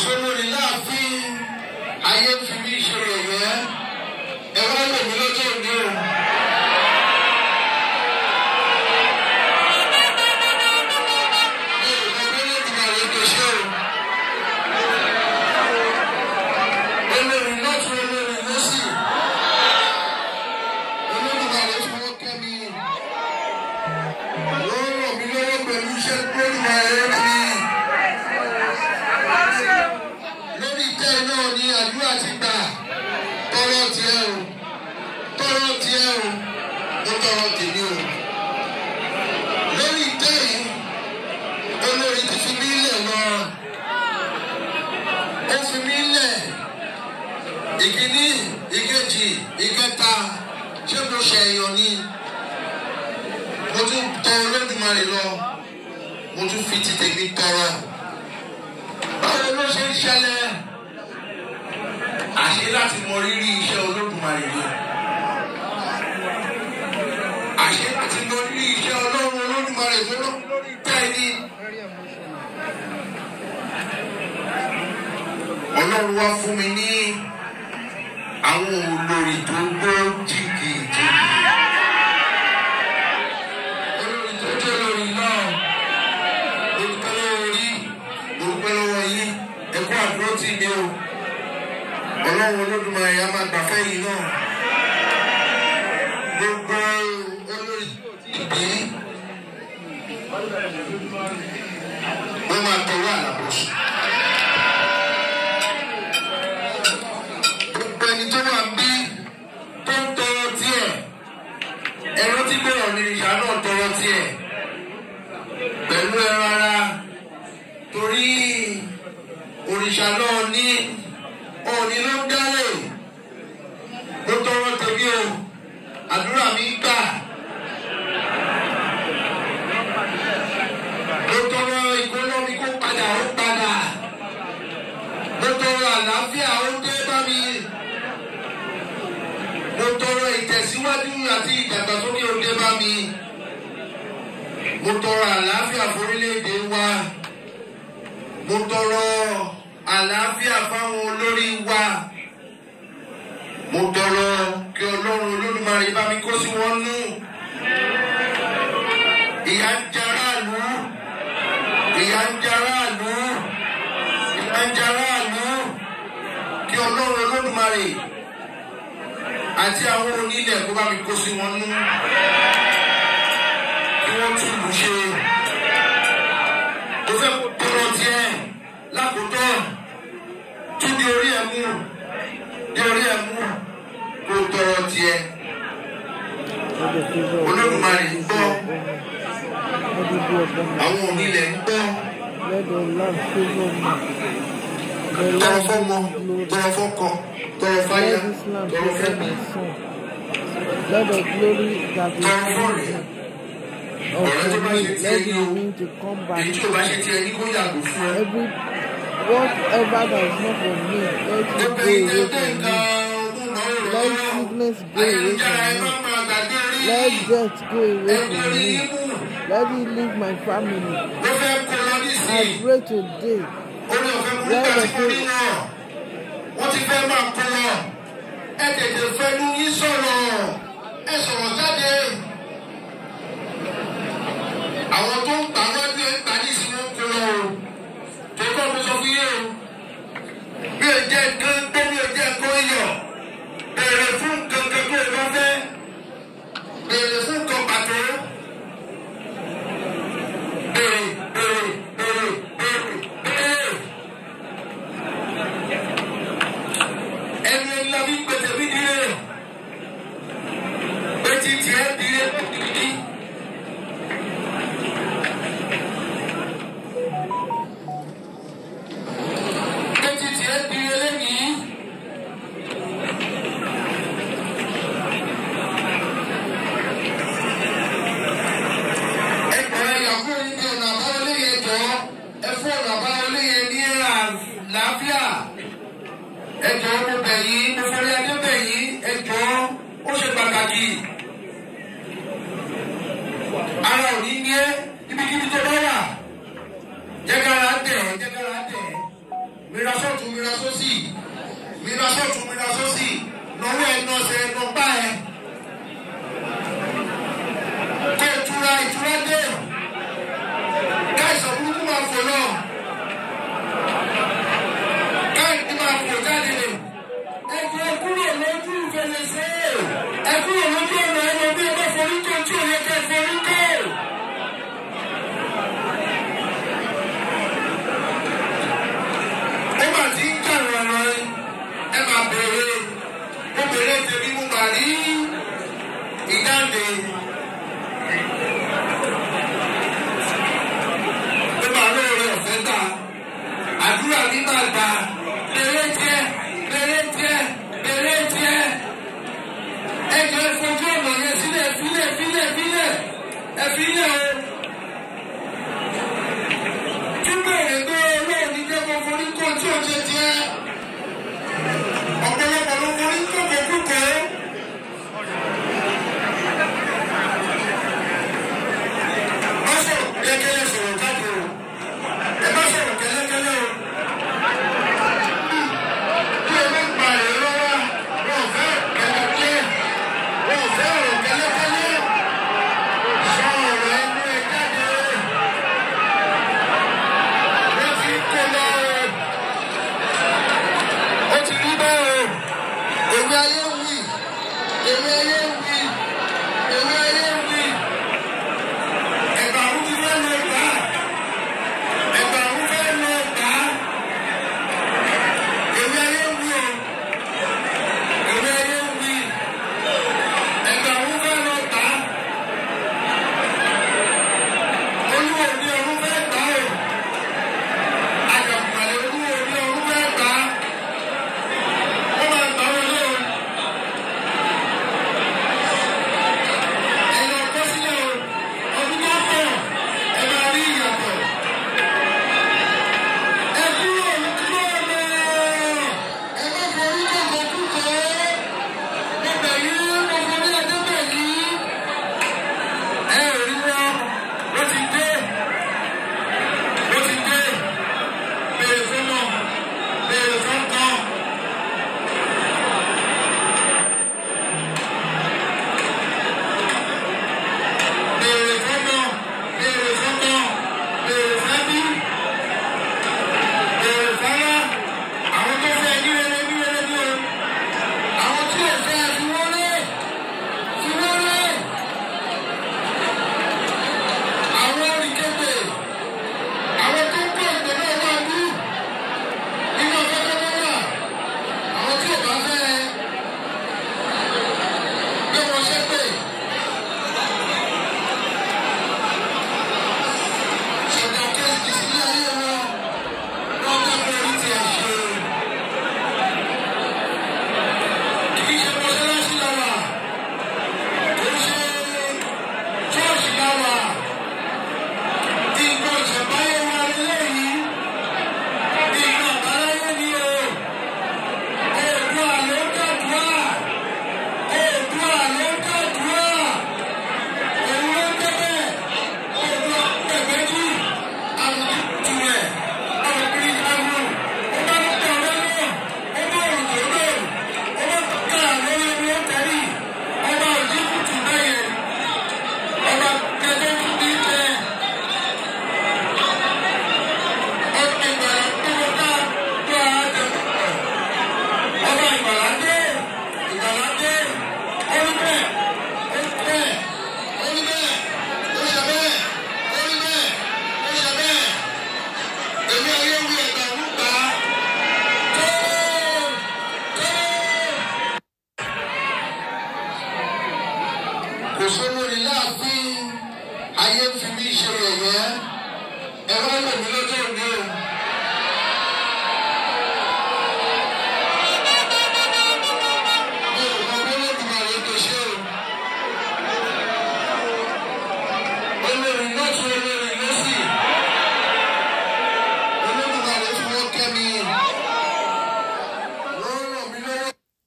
òṣèlú ni láàfin ayé ti mi ṣe rẹ̀ yẹn ẹ̀rọ lèmi lọ́jọ́ òní mi o lórí ìtẹ́yìn olórí ti fi mí lẹ̀ lọ ó fi mí lẹ̀ ìkíní ìkejì ìkẹta ṣé mo ṣe èèyàn ni mo tún tọ Olódùmarè lọ mo tún fi ti tèmi tọrọ báwo ló ṣe ń ṣẹlẹ̀ àṣẹ láti mọ rírì iṣẹ́ Olódùmarè yìí. olúwa fún mi ní àwọn olórí tó ń gbó jìgì olórí tó jẹ́ olórí náà olùkọ́ lọ́wọ́ rí olùkọ́ lọ́wọ́ yín ẹ̀kọ́ àdúró tì mí o ọlọ́run olódùmarè a máa gbà fẹ́yìn náà. gbogbo olórí ìbí wọ́n máa tọrọ àlàbọ̀sùn. pẹ̀lú ẹran ara torí òrìṣà náà ní òní ló ń dálé ó tọrọ tèmi o àdúrà mi gbà. mo tọrọ ìgbóná mi kó padà ó padà mo tọrọ àlàáfíà ó dé bá mi mo tọrọ ìtẹ̀síwájú àti ìdàgbàsókè ó dé bá mi mo tọrọ àlàáfíà forílẹ̀-èdè wa mo tọrọ àlàáfíà fáwọn olórí wa mo tọrọ kí ọlọ́run olódùmarè bá mi kó sí wọn nú ìyà ń jara àlú ìyà ń jara àlú ìyà ń jara àlú kí ọlọ́run olódùmarè àti àwọn onílẹ̀ kó bá mi kó sí wọn nú wọn ti lù ṣe mo fẹ́ kó tọrọ tiẹ̀ lákòótọ́ tó di orí ẹ̀ mú di orí ẹ̀ mú kó tọrọ tiẹ̀ olódùmarè ń gbọ́ àwọn onílẹ̀ ń gbọ́ tọrọ fọmọ tọrọ fọkọ tọrọ fáyà tọrọ fẹmi tọrọ fọrẹ ọ̀rọ̀ tó bá ṣe tiẹ̀ ní o èyí tó Whatever that is not for me, let it go away from me. Let sickness go away from me. Let death go away from me. Let me leave my family. I pray today. Let the faith. What ti fẹ́ máa kú lọ ẹ tètè fẹ́ nu yín sọ̀rọ̀ ẹ sọ̀rọ̀ jáde. good, good. Good. ní ẹ́ ibikíbi tó bá wà jẹ́ kára tẹ̀ ẹ́ jẹ́ kára tẹ̀ ẹ́ mìíràn sọ́ọ̀tún mìíràn sósì mìíràn sọ́ọ̀tún mìíràn sósì lọ́wọ́ ẹ̀ náà ṣe ẹnu bá ẹ. kó ìtura ìtura dé. pé ó máa lóore ọ̀fẹ́ gbà àdúrà nígbà gbà bèrè jẹ bèrè jẹ bèrè jẹ ẹjọ́ ìfojú ọ̀nà yẹn sílẹ̀ sílẹ̀ sílẹ̀ sílẹ̀ ẹ̀fílẹ̀ o. Túbọ̀ èrè pé owó òní jẹ́ kó forí kó tí ò ṣe tiẹ̀. Ọ̀pọ̀lọpọ̀.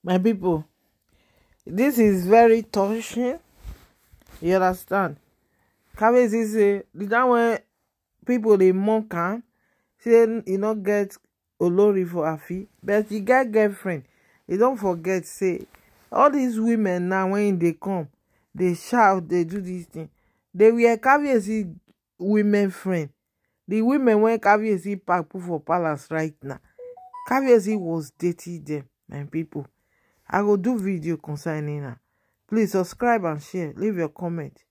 my people this is very touching you understand kabezi say the time when people they monk can, say you not get olori for afi but you get girlfriend You don't forget say all these women now when they come they shout they do this thing dey were kabezi women friend the women wey kabezi pack put for palace right now kabezi was dating them, my people i will do video concerning am please subscribe and share leave your comment